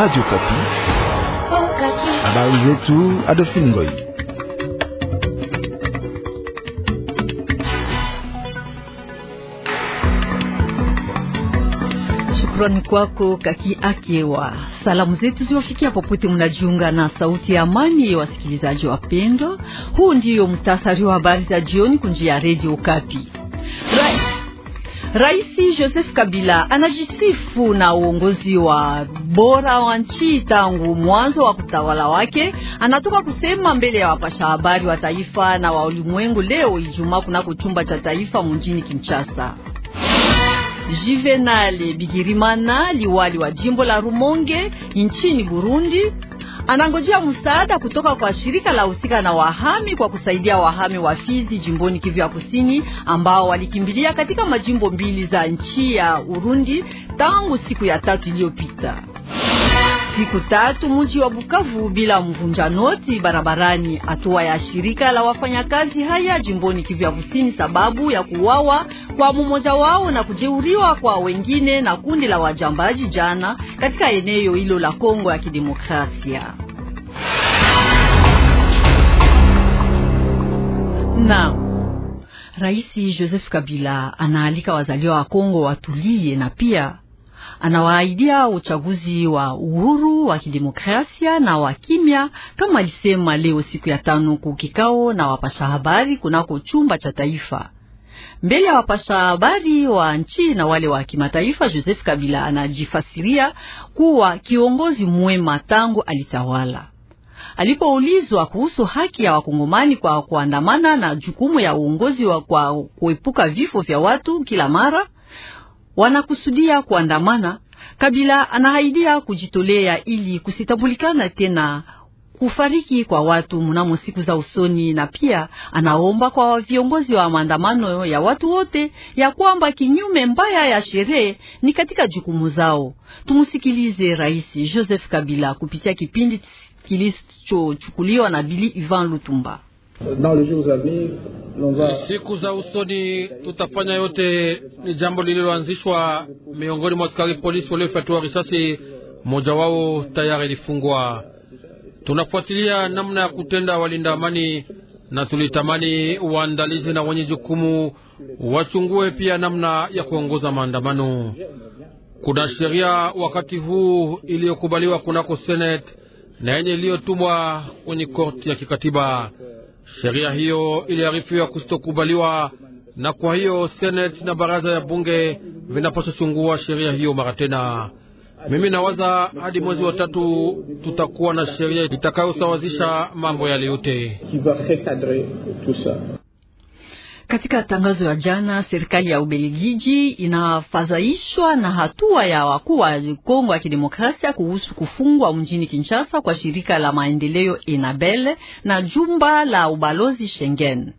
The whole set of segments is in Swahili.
Radio Kapi. Habari zetu Adolphine Ngoy. Shukrani kwako Kaki Akewa. Salamu zetu ziwafikia popote mnajiunga na sauti ya amani ya wasikilizaji wapendwa. Huu ndiyo mtasari wa habari za jioni kunjia Radio Kapi. Rais Joseph Kabila anajisifu na uongozi wa bora wa nchi tangu mwanzo wa kutawala wake. Anatoka kusema mbele ya wapasha habari wa taifa na wa ulimwengu leo Ijumaa kunako chumba cha taifa mjini Kinshasa. Juvenal Bigirimana, liwali wa jimbo la Rumonge nchini Burundi anangojea msaada kutoka kwa shirika la husika na wahami kwa kusaidia wahami wa Fizi jimboni Kivu ya Kusini ambao walikimbilia katika majimbo mbili za nchi ya Urundi tangu siku ya tatu iliyopita. Siku tatu mji wa Bukavu bila mvunja noti barabarani, hatua ya shirika la wafanyakazi haya jimboni Kivu ya Kusini sababu ya kuuawa kwa mmoja wao na kujeuriwa kwa wengine na kundi la wajambaji jana katika eneo hilo la Kongo ya Kidemokrasia. na Rais Joseph Kabila anaalika wazaliwa wa Kongo watulie na pia anawaahidia uchaguzi wa uhuru wa kidemokrasia na wa kimya, kama alisema leo siku ya tano kukikao na wapasha habari kunako chumba cha taifa mbele ya wapasha habari wa nchi na wale wa kimataifa. Joseph Kabila anajifasiria kuwa kiongozi mwema tangu alitawala. Alipoulizwa kuhusu haki ya wakongomani kwa kuandamana na jukumu ya uongozi wa kwa kuepuka vifo vya watu kila mara, wanakusudia kuandamana. Kabila anahaidia kujitolea ili kusitambulikana tena kufariki kwa watu mnamo siku za usoni, na pia anaomba kwa viongozi wa maandamano ya watu wote ya kwamba kinyume mbaya ya sherehe ni katika jukumu zao. Tumusikilize Rais Joseph Kabila kupitia kipindi kilichochukuliwa na Bili Ivan Lutumba. Siku za usoni tutafanya yote. Ni jambo lililoanzishwa miongoni mwa askari polisi waliofyatua risasi, mmoja wao tayari ilifungwa. Tunafuatilia namna ya kutenda walinda amani, na tulitamani waandalizi na wenye jukumu wachungue pia namna ya kuongoza maandamano. Kuna sheria wakati huu iliyokubaliwa kunako Senate na yenye iliyotumwa kwenye korti ya kikatiba Sheria hiyo iliarifiwa kusitokubaliwa, na kwa hiyo seneti na baraza ya bunge vinapaswa chungua sheria hiyo mara tena. Mimi nawaza hadi mwezi wa tatu tutakuwa na sheria itakayosawazisha mambo yale yote. Katika tangazo ya jana, serikali ya Ubelgiji inafadhaishwa na hatua ya wakuu wa Kongo ya Kidemokrasia kuhusu kufungwa mjini Kinshasa kwa shirika la maendeleo Enabel na jumba la ubalozi Schengen.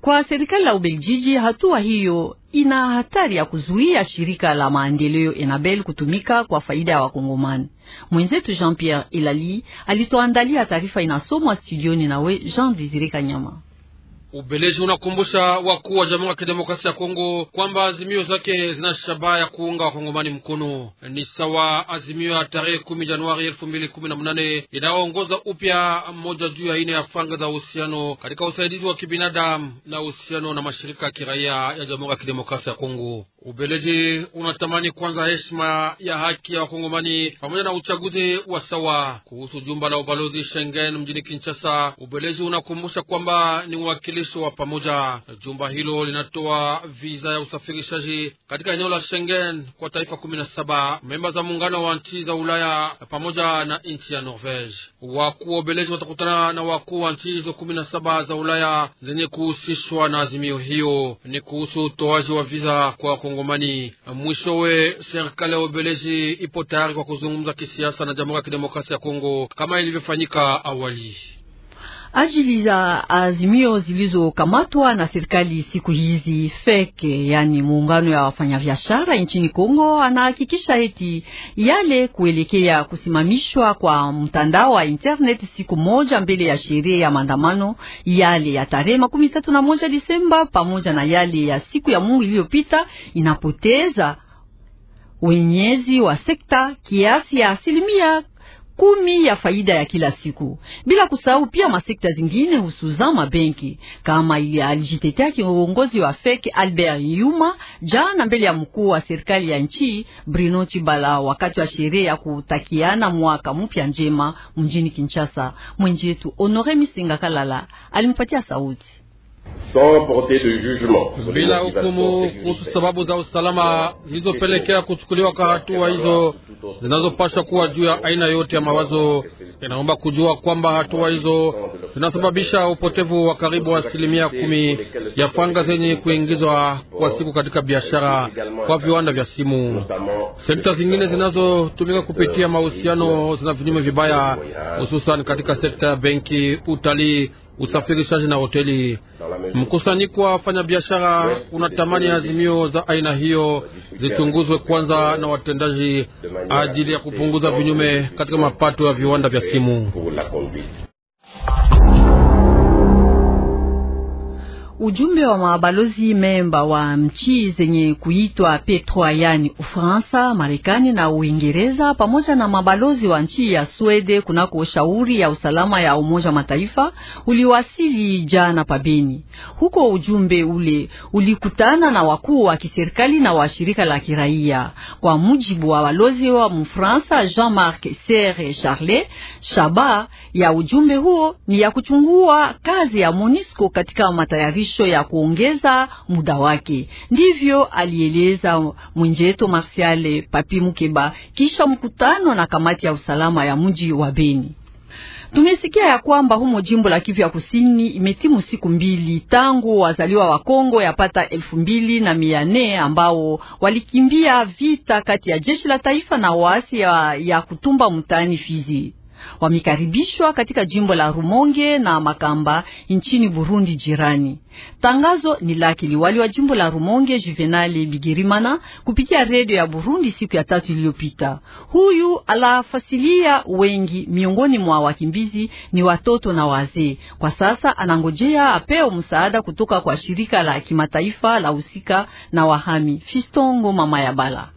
Kwa serikali la Ubelgiji, hatua hiyo ina hatari ya kuzuia shirika la maendeleo Enabel kutumika kwa faida ya Wakongomani. Mwenzetu Jean Pierre ilali alitoandalia taarifa, inasomwa studioni nawe Jean Desire Kanyama. Ubeleji unakumbusha wakuu wa Jamhuri ya Kidemokrasia ya Kongo kwamba azimio zake zina shabaha ya kuunga wakongomani mkono. Ni sawa azimio ya tarehe 10 Januari 2018 inayoongoza upya moja juu ya ine ya fanga za uhusiano katika usaidizi wa kibinadamu na uhusiano na mashirika ya kiraia ya Jamhuri ya Kidemokrasia ya Kongo. Ubeleji unatamani kwanza heshima ya haki ya wakongomani pamoja na uchaguzi wa sawa. Kuhusu jumba la ubalozi Schengen mjini Kinshasa, Ubeleji unakumbusha kwamba ni wakili utambulisho wa pamoja. Jumba hilo linatoa viza ya usafirishaji katika eneo la Schengen kwa taifa kumi na saba memba za muungano wa nchi za Ulaya pamoja na nchi ya Norvege. Wakuu wa Ubeleji watakutana na wakuu wa nchi hizo kumi na saba za Ulaya zenye kuhusishwa na azimio hiyo, ni kuhusu utoaji wa viza kwa Wakongomani. Mwishowe, serikali ya Ubeleji ipo tayari kwa kuzungumza kisiasa na Jamhuri ya Kidemokrasia ya Kongo kama ilivyofanyika awali ajili ya azimio zilizokamatwa na serikali siku hizi. Feke, yani muungano ya wafanyabiashara nchini Kongo, anahakikisha eti yale kuelekea kusimamishwa kwa mtandao wa internet siku moja mbele ya sheria ya maandamano yale ya tarehe makumi tatu na moja Disemba pamoja na yale ya siku ya Mungu iliyopita inapoteza wenyezi wa sekta kiasi ya asilimia kumi ya faida ya kila siku, bila kusahau pia masekta zingine hususan mabenki, kama alijitetea kiongozi wa feke Albert Yuma jana mbele ya mkuu wa serikali ya nchi Bruno Chibala wakati wa sherehe ya kutakiana mwaka mpya njema mjini Kinshasa. Mwenji yetu Honore Misinga Kalala alimpatia sauti bila hukumu kuhusu sababu za usalama zilizopelekea kuchukuliwa kwa hatua hizo zinazopashwa kuwa juu ya aina yote ya mawazo. Inaomba kujua kwamba hatua hizo zinasababisha upotevu wa karibu wa asilimia kumi ya fanga zenye kuingizwa kwa siku katika biashara kwa viwanda vya simu. Sekta zingine zinazotumika kupitia mahusiano zina vinyume vibaya, hususan katika sekta ya benki, utalii usafirishaji na hoteli. Mkusanyiko wa wafanyabiashara unatamani azimio za aina hiyo zichunguzwe kwanza na watendaji ajili ya kupunguza vinyume katika mapato ya viwanda vya simu. Ujumbe wa mabalozi memba wa mchi zenye kuitwa Petroa, yani Ufaransa, Marekani na Uingereza pamoja na mabalozi wa nchi ya Swede kunako shauri ya usalama ya Umoja Mataifa uliwasili jana pabeni. Huko ujumbe ule ulikutana na wakuu wa kiserikali na wa shirika la kiraia. Kwa mujibu wa balozi wa Mfaransa Jean-Marc Serre Charlet, shaba ya ujumbe huo ni ya kuchungua kazi ya MONUSCO katika matayari malisho ya kuongeza muda wake. Ndivyo alieleza mwenjeto Marsiale Papi Mukeba kisha mkutano na kamati ya usalama ya mji wa Beni. Tumesikia ya kwamba humo jimbo la Kivu ya Kusini imetimu siku mbili tangu wazaliwa wa Kongo yapata elfu mbili na mia nne ambao walikimbia vita kati ya jeshi la taifa na waasi ya, ya kutumba mtaani Fizi wamekaribishwa katika jimbo la Rumonge na Makamba nchini Burundi jirani. Tangazo ni lake liwali wa jimbo la Rumonge Juvenali Bigirimana kupitia redio ya Burundi siku ya tatu iliyopita. Huyu alafasilia wengi miongoni mwa wakimbizi ni watoto na wazee. Kwa sasa anangojea apewe msaada kutoka kwa shirika la kimataifa la husika na wahami. Fistongo mama ya bala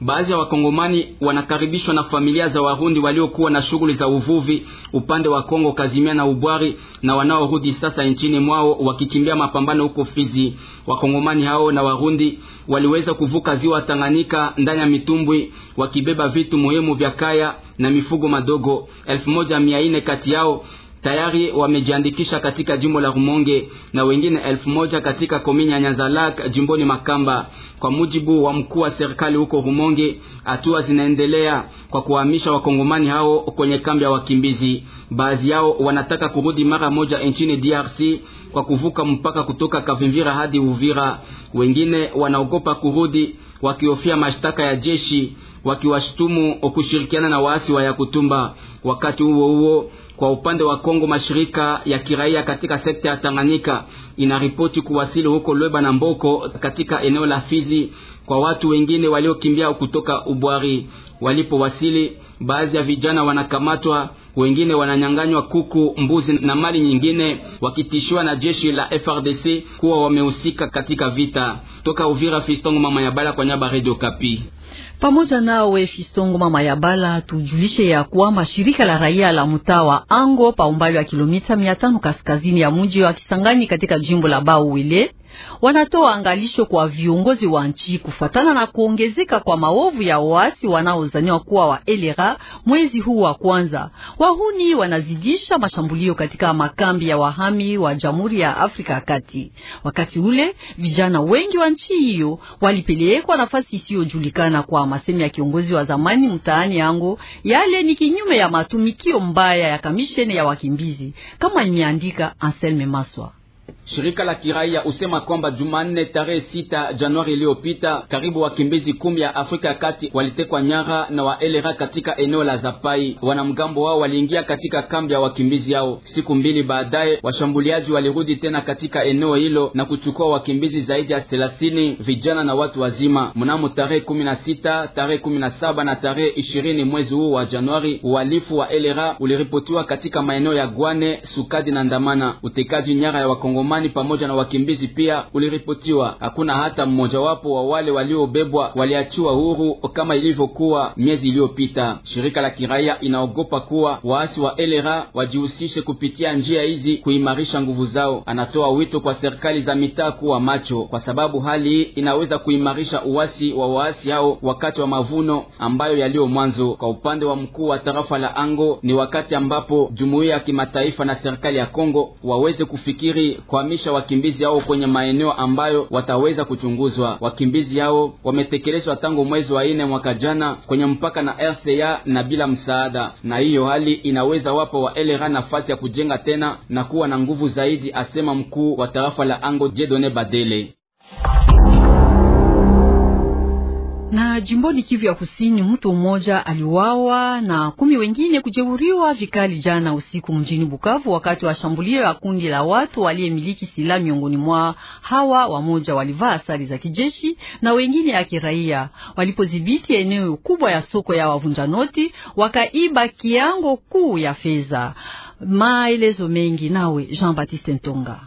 Baadhi ya wakongomani wanakaribishwa na familia za warundi waliokuwa na shughuli za uvuvi upande wa Kongo Kazimia na Ubwari na wanaorudi sasa nchini mwao wakikimbia mapambano huko Fizi. Wakongomani hao na warundi waliweza kuvuka ziwa Tanganyika ndani ya mitumbwi wakibeba vitu muhimu vya kaya na mifugo madogo elfu moja mia nne kati yao tayari wamejiandikisha katika jimbo la Rumonge na wengine elfu moja katika komini ya Nyanzalak jimboni Makamba. Kwa mujibu wa mkuu wa serikali huko Rumonge, hatua zinaendelea kwa kuhamisha wakongomani hao kwenye kambi ya wakimbizi. Baadhi yao wanataka kurudi mara moja nchini DRC kwa kuvuka mpaka kutoka Kavimvira hadi Uvira. Wengine wanaogopa kurudi wakihofia mashtaka ya jeshi, wakiwashtumu kushirikiana na waasi wa Yakutumba. Wakati huo huo kwa upande wa Kongo, mashirika ya kiraia katika sekta ya Tanganyika inaripoti kuwasili huko Lweba na Mboko katika eneo la Fizi kwa watu wengine waliokimbia kutoka Ubwari. Walipowasili, baadhi ya vijana wanakamatwa, wengine wananyang'anywa kuku, mbuzi na mali nyingine, wakitishiwa na jeshi la FRDC kuwa wamehusika katika vita. Toka Uvira, Fistongo mama ya Bala kwa nyaba Radio Kapi. Pamoja nawe Fistongo mama ya Bala, tujulishe ya kwamba shirika la raia la mtaa wa Ango pa umbali wa kilomita 500 kaskazini ya mji wa Kisangani katika jimbo la Bauwele wanatoa angalisho kwa viongozi wa nchi kufuatana na kuongezeka kwa maovu ya waasi wanaozaniwa kuwa wa elera. Mwezi huu wa kwanza, wahuni wanazidisha mashambulio katika makambi ya wahami wa Jamhuri ya Afrika ya Kati. Wakati ule vijana wengi wa nchi hiyo walipelekwa nafasi isiyojulikana, kwa masemi ya kiongozi wa zamani mtaani yangu, yale ni kinyume ya matumikio mbaya ya kamisheni ya wakimbizi, kama imeandika Anselme Maswa. Shirika la kiraia usema kwamba Jumanne tarehe sita Januari iliyopita karibu wakimbizi kumi ya Afrika ya Kati walitekwa nyara na waelera katika eneo la Zapai. Wanamgambo wao waliingia katika kambi ya wakimbizi yao. Siku mbili baadaye, washambuliaji walirudi tena katika eneo hilo na kuchukua wakimbizi zaidi ya thelathini, vijana na watu wazima. Mnamo tarehe kumi na sita, tarehe kumi na saba na tarehe ishirini mwezi huu wa Januari, uhalifu wa elera uliripotiwa katika maeneo ya Gwane, Sukadi na Ndamana. Utekaji nyara ya wakongo wakongomani pamoja na wakimbizi pia uliripotiwa. Hakuna hata mmojawapo wa wale waliobebwa waliachiwa huru kama ilivyokuwa miezi iliyopita. Shirika la kiraia inaogopa kuwa waasi wa LRA wajihusishe kupitia njia hizi kuimarisha nguvu zao. Anatoa wito kwa serikali za mitaa kuwa macho, kwa sababu hali hii inaweza kuimarisha uasi wa waasi hao wakati wa mavuno ambayo yaliyo mwanzo. Kwa upande wa mkuu wa tarafa la Ango, ni wakati ambapo jumuiya ya kimataifa na serikali ya Kongo waweze kufikiri kuhamisha wakimbizi hao kwenye maeneo ambayo wataweza kuchunguzwa. Wakimbizi hao wametekelezwa tangu mwezi wa nne mwaka jana kwenye mpaka na RCA na bila msaada, na hiyo hali inaweza wapa wa LRA nafasi ya kujenga tena na kuwa na nguvu zaidi, asema mkuu wa tarafa la Ango Jedone Badele. Na jimboni Kivu ya Kusini, mtu mmoja aliuawa na kumi wengine kujeruhiwa vikali jana usiku mjini Bukavu wakati wa shambulio ya kundi la watu waliyemiliki silaha. Miongoni mwa hawa wamoja walivaa sare za kijeshi na wengine ya kiraia. Walipodhibiti eneo kubwa ya soko ya wavunja noti, wakaiba kiango kuu ya fedha. Maelezo mengi nawe Jean Baptiste Ntonga.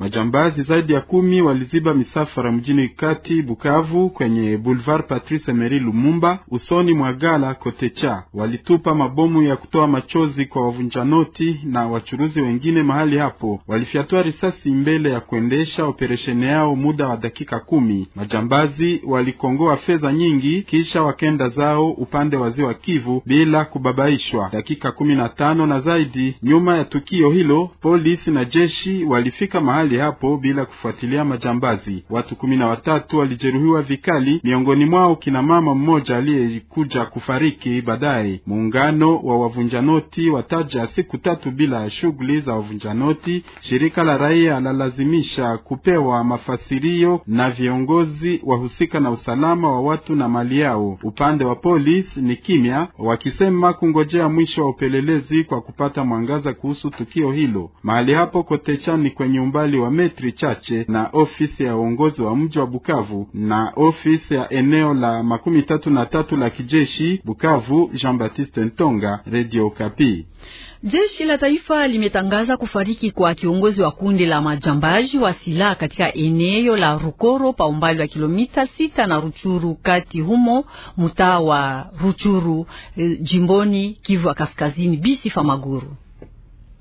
Majambazi zaidi ya kumi waliziba misafara mjini kati Bukavu, kwenye Boulevard Patrice Emery Lumumba, usoni mwa gala Kotecha. Walitupa mabomu ya kutoa machozi kwa wavunjanoti na wachuruzi wengine mahali hapo. Walifyatua risasi mbele ya kuendesha operesheni yao muda wa dakika kumi. Majambazi walikongoa fedha nyingi, kisha wakenda zao upande wa ziwa Kivu bila kubabaishwa. Dakika kumi na tano na zaidi nyuma ya tukio hilo, polisi na jeshi walifika mahali mahali hapo bila kufuatilia majambazi. Watu kumi na watatu walijeruhiwa vikali, miongoni mwao kina mama mmoja aliyekuja kufariki baadaye. Muungano wa wavunjanoti wataja siku tatu bila shughuli za wavunjanoti. Shirika la raia lalazimisha kupewa mafasirio na viongozi wahusika na usalama wa watu na mali yao. Upande wa polisi ni kimya, wakisema kungojea mwisho wa upelelezi kwa kupata mwangaza kuhusu tukio hilo. Mahali hapo Kotechani kwenye umbali wa metri chache na ofisi ya uongozi wa mji wa Bukavu na ofisi ya eneo la makumi tatu na tatu la kijeshi Bukavu. Jean Baptiste Ntonga, Radio Kapi. Jeshi la taifa limetangaza kufariki kwa kiongozi wa kundi la majambaji wa silaha katika eneo la Rukoro pa umbali wa kilomita sita na Ruchuru kati humo mtaa wa Ruchuru, eh, jimboni Kivu ya Kaskazini. Bisi Famaguru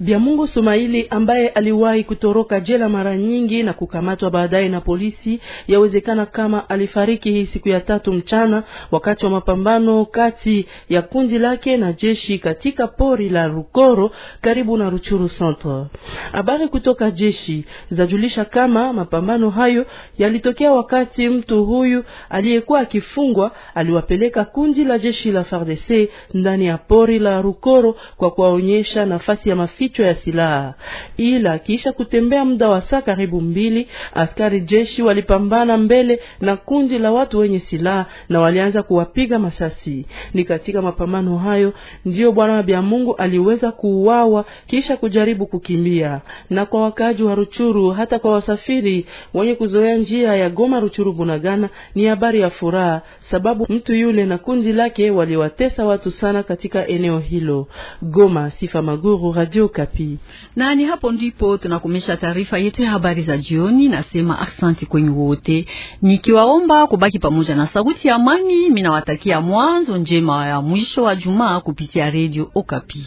Biamungu Sumaili ambaye aliwahi kutoroka jela mara nyingi na kukamatwa baadaye na polisi, yawezekana kama alifariki hii siku ya tatu mchana wakati wa mapambano kati ya kundi lake na jeshi katika pori la Rukoro karibu na Ruchuru Centre. Habari kutoka jeshi zajulisha kama mapambano hayo yalitokea wakati mtu huyu aliyekuwa akifungwa aliwapeleka kundi la jeshi la FARDC ndani ya pori la Rukoro kwa kuwaonyesha nafasi ya mafi kichwa ya silaha, ila kisha kutembea muda wa saa karibu mbili, askari jeshi walipambana mbele na kundi la watu wenye silaha na walianza kuwapiga masasi. Ni katika mapambano hayo ndiyo bwana wa mungu aliweza kuuawa kisha kujaribu kukimbia. Na kwa wakaaji wa Ruchuru, hata kwa wasafiri wenye kuzoea njia ya Goma Ruchuru Bunagana, ni habari ya furaha, sababu mtu yule na kundi lake waliwatesa watu sana katika eneo hilo. Goma, Sifa Maguru, Radio Okapi. Na ni hapo ndipo tunakomesha taarifa yetu ya habari za jioni. Nasema asante kwenu wote, nikiwaomba kubaki pamoja na sauti ya amani. Minawatakia nawatakia mwanzo njema ya mwisho wa Jumaa kupitia Radio Okapi.